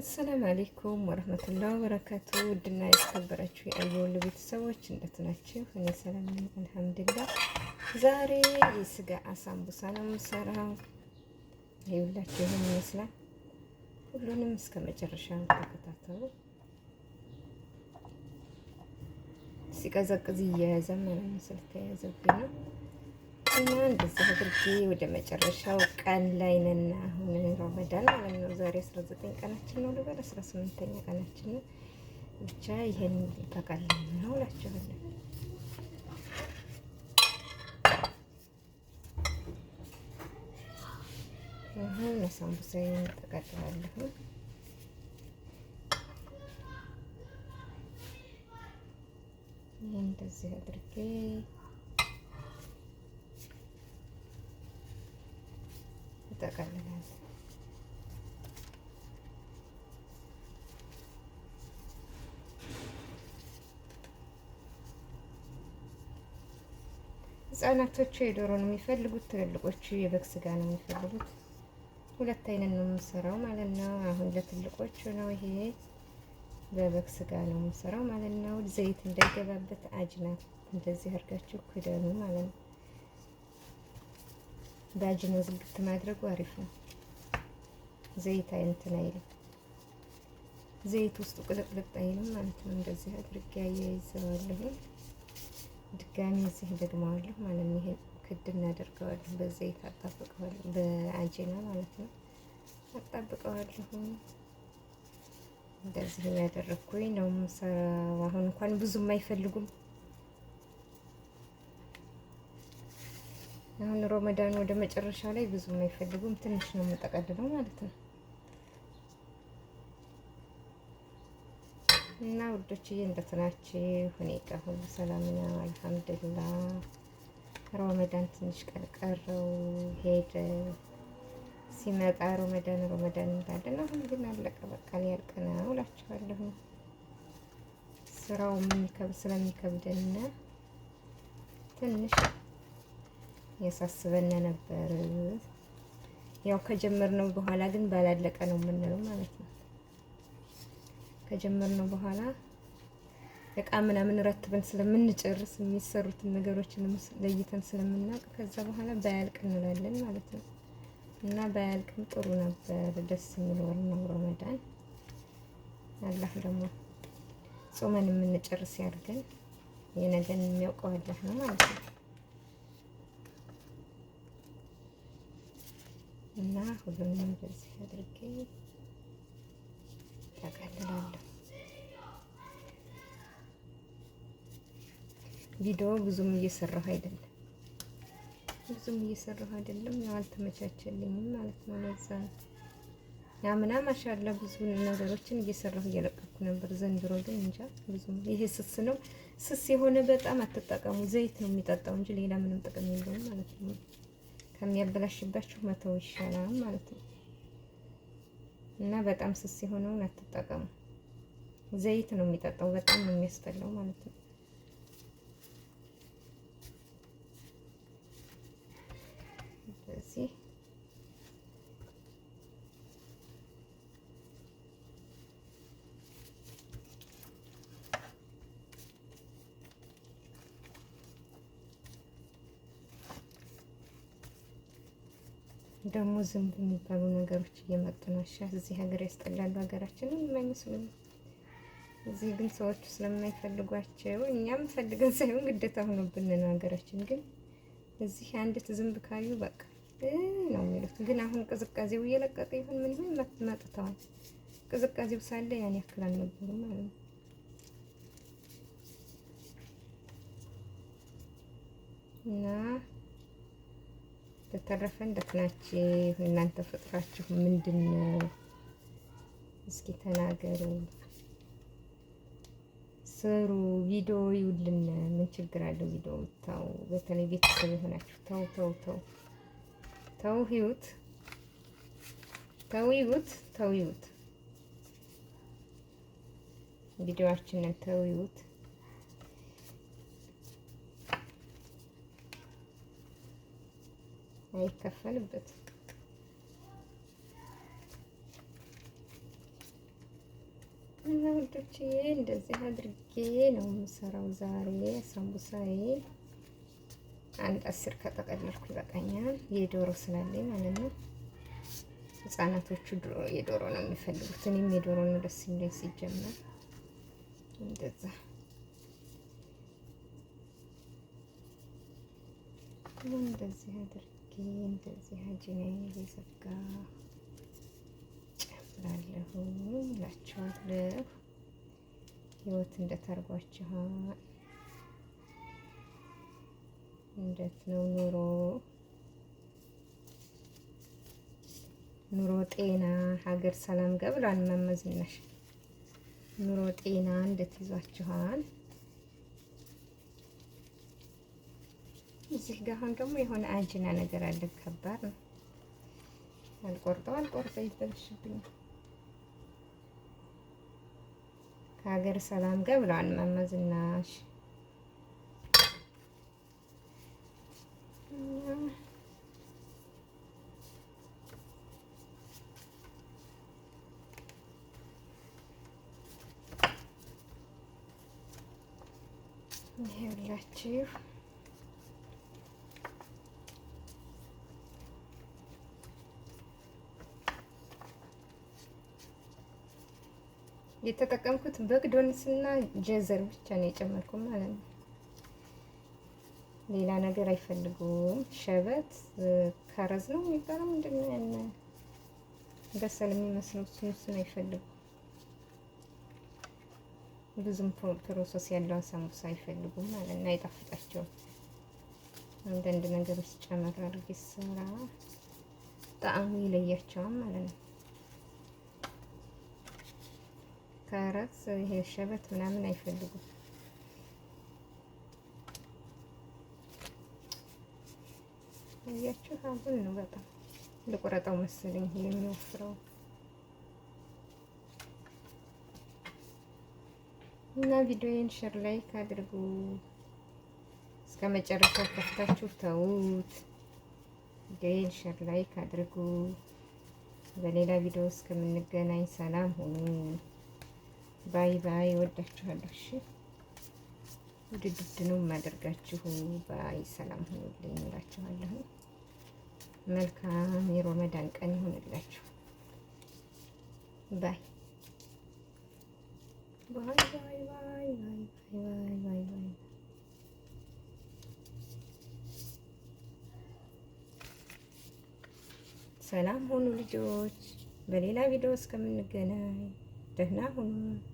አሰላም አሌይኩም ወረህመቱላህ በረካቱ ውድና የተከበራችሁ የአየወሉ ቤተሰቦች እንደት ናቸው? እኔ ሰላም ነኝ አልሐምዱሊላህ። ዛሬ የስጋ አሳምቡሳ ነው የምሰራው። ይኸውላችሁ ይህን ይመስላል። ሁሉንም እስከ መጨረሻ ተከታተሉ። ሲቀዘቅዝ እየያዘ ማለት ነው፣ ስለተያያዘብኝ ነው እና እንደዚህ አድርጌ ወደ መጨረሻው ቀን ላይ ነን። አሁን ረመዳን ማለት ነው። ዛሬ 19 ቀናችን ነው ልበል፣ 18ኛ ቀናችን ነው። ብቻ ይሄን ይበቃል ነው እላችኋለሁ። አሁን ለሳምቡሳዬን ተቀጥላለሁ። ይሄን እንደዚህ አድርጌ ይጠቀልላል። ህጻናቶቹ የዶሮ ነው የሚፈልጉት፣ ትልልቆቹ የበግ ስጋ ነው የሚፈልጉት። ሁለት አይነት ነው የምሰራው ማለት ነው። አሁን ለትልቆቹ ነው ይሄ በበግ ስጋ ነው የምሰራው ማለት ነው። ዘይት እንዳይገባበት አጅናት እንደዚህ አድርጋችሁ ክደኑ ማለት ነው። በአጅኖ ዝግት ማድረጉ አሪፍ ነው። ዘይት እንትን አይልም፣ ዘይት ውስጡ ቅልቅልጥ አይልም ማለት ነው። እንደዚህ አድርጌ አያይዘዋለሁ። ድጋሚ እዚህ ደግመዋለሁ ማለት ነው። ይሄን ክድ እናደርገዋለሁ፣ በዘይት አጣብቀዋለሁ፣ በአጅና ማለት ነው። አጣብቀዋለሁ እንደዚህ ያደረግኩኝ ነው። አሁን እንኳን ብዙም አይፈልጉም። አሁን ሮመዳን ወደ መጨረሻ ላይ ብዙም አይፈልጉም። ትንሽ ነው የምጠቀልለው ማለት ነው። እና ውዶችዬ እንደት ናችሁ? እኔ ሁሉ ሰላም ነው አልሐምዱሊላህ። ሮመዳን ትንሽ ቀን ቀረው ሄደ። ሲመጣ ሮመዳን ሮመዳን እንላለን። አሁን ግን አለቀ በቃ ያልቀና እላችኋለሁ። ስራው ምን ከብ ስለሚከብደን ትንሽ ያሳስበን ነበር። ያው ከጀመርነው በኋላ ግን ባላለቀ ነው የምንለው ማለት ነው። ከጀመርነው በኋላ እቃ ምናምን ረትበን ስለምንጨርስ የሚሰሩትን ነገሮችን ለይተን ስለምናውቅ ከዛ በኋላ ባያልቅ እንላለን ማለት ነው። እና ባያልቅም ጥሩ ነበር፣ ደስ የሚል ወር ነው ረመዳን። አላህ ደግሞ ጾመን የምንጨርስ ያድርገን። የነገን የሚያውቀው አላህ ነው ማለት ነው። እና ሁሉንም በዚህ አድርጌ ተቀልላለሁ። ቪዲዮ ብዙም እየሰራሁ አይደለም ብዙም እየሰራሁ አይደለም። ያው አልተመቻቸልኝም ማለት ነው። ለዛ ያ ምናምን ማሻአላ ብዙ ነገሮችን እየሰራሁ እየለቀኩ ነበር። ዘንድሮ ግን እንጃ ብዙም ይሄ ስስ ነው። ስስ የሆነ በጣም አትጠቀሙ። ዘይት ነው የሚጠጣው እንጂ ሌላ ምንም ጥቅም የለውም ማለት ነው። ከሚያበላሽባችሁ መተው ይሻላል ማለት ነው። እና በጣም ስስ የሆነውን አትጠቀሙ። ዘይት ነው የሚጠጣው። በጣም ነው የሚያስጠላው ማለት ነው። ደግሞ ዝንብ የሚባሉ ነገሮች እየመጡ ነው። እሺ እዚህ ሀገር ያስጠላሉ። ሀገራችንን የማይመስሉም እዚህ ግን ሰዎቹ ስለማይፈልጓቸው እኛም ፈልገን ሳይሆን ግዴታ ሆኖብን ነው። ሀገራችን ግን እዚህ አንዲት ዝንብ ካዩ በቃ ነው የሚሉት። ግን አሁን ቅዝቃዜው እየለቀቀ ይሁን ምን ይሁን መጥተዋል። ቅዝቃዜው ሳለ ያን ያክል አልነበሩም ማለት ነው። እና በተረፈ እንደት እናንተ? ፍቅራችሁ ምንድን ነው? እስኪ ተናገሩ፣ ስሩ፣ ቪዲዮ ይውልን። ምን ችግር አለው? ቪዲዮ ታው በተለይ ቤተሰብ የሆናችሁ ተው ተው ተው ተው ህይወት ተው ይዩት፣ ተው ይዩት፣ ቪዲዮአችንን ተው ይውት። አይከፈልበትም። እና ውዶች እንደዚህ አድርጌ ነው የምሰራው ዛሬ ሳምቡሳዬን። አንድ አስር ከጠቀለልኩ ይበቃኛል። የዶሮ ስላለኝ ማለት ነው። ህጻናቶቹ የዶሮ ነው የሚፈልጉት፣ እኔም የዶሮ ነው ደስ የሚለኝ ሲጀመር። እንደዛ እንደዚህ አድርጌ እንደዚህ አጅናዬን እየዘጋ ጨምራለሁ እላችኋለሁ። ህይወት እንደተርጓችኋል። እንዴት ነው ኑሮ? ኑሮ ጤና ሀገር ሰላም ገብሏል። መመዝነሽ ኑሮ ጤና እንዴት ይዟችኋል? እዚህ ጋር አሁን ደግሞ የሆነ አንጅና ነገር አለ። ከባድ ነው። አልቆርጠው አልቆርጠው ይበልሽብኝ። ከሀገር ሰላም ጋር ብለዋል እማማ ዝናሽ። የተጠቀምኩት በግዶንስ እና ጀዘር ብቻ ነው የጨመርኩት ማለት ነው። ሌላ ነገር አይፈልጉም። ሸበት ከረዝ ነው የሚባለው ምንድን ነው ያን በሰል የሚመስለው እሱን እሱን አይፈልጉም። ብዙም ፕሮሰስ ያለውን ሳምቡሳ አይፈልጉም ማለት ነው። አይጣፍጣቸውም። አንዳንድ ነገሮች ጨመር አድርጌ ስራ ጣዕሙ ይለያቸዋል ማለት ነው። ካረት ይሄ ሸበት ምናምን አይፈልጉም። እያችሁ አሁን ነው በጣም ልቆረጠው መሰለኝ የሚወፍረው እና ቪዲዮዬን ሼር ላይክ አድርጉ። እስከ መጨረሻው ከፍታችሁ ተዉት። ቪዲዮዬን ሼር ላይክ አድርጉ። በሌላ ቪዲዮ እስከምንገናኝ ሰላም ሁኑ። ባይ ባይ። ወዳችኋለሁ። እሺ ውድድድ ነው የማደርጋችሁ። ባይ ሰላም ሆኑልኝ እላችኋለሁ። መልካም የሮመዳን ቀን ይሆንላችሁ። ባይ ባይ ባይ ባይ ባይ ባይ ባይ ሰላም ሆኑ ልጆች። በሌላ ቪዲዮ እስከምንገናኝ tránh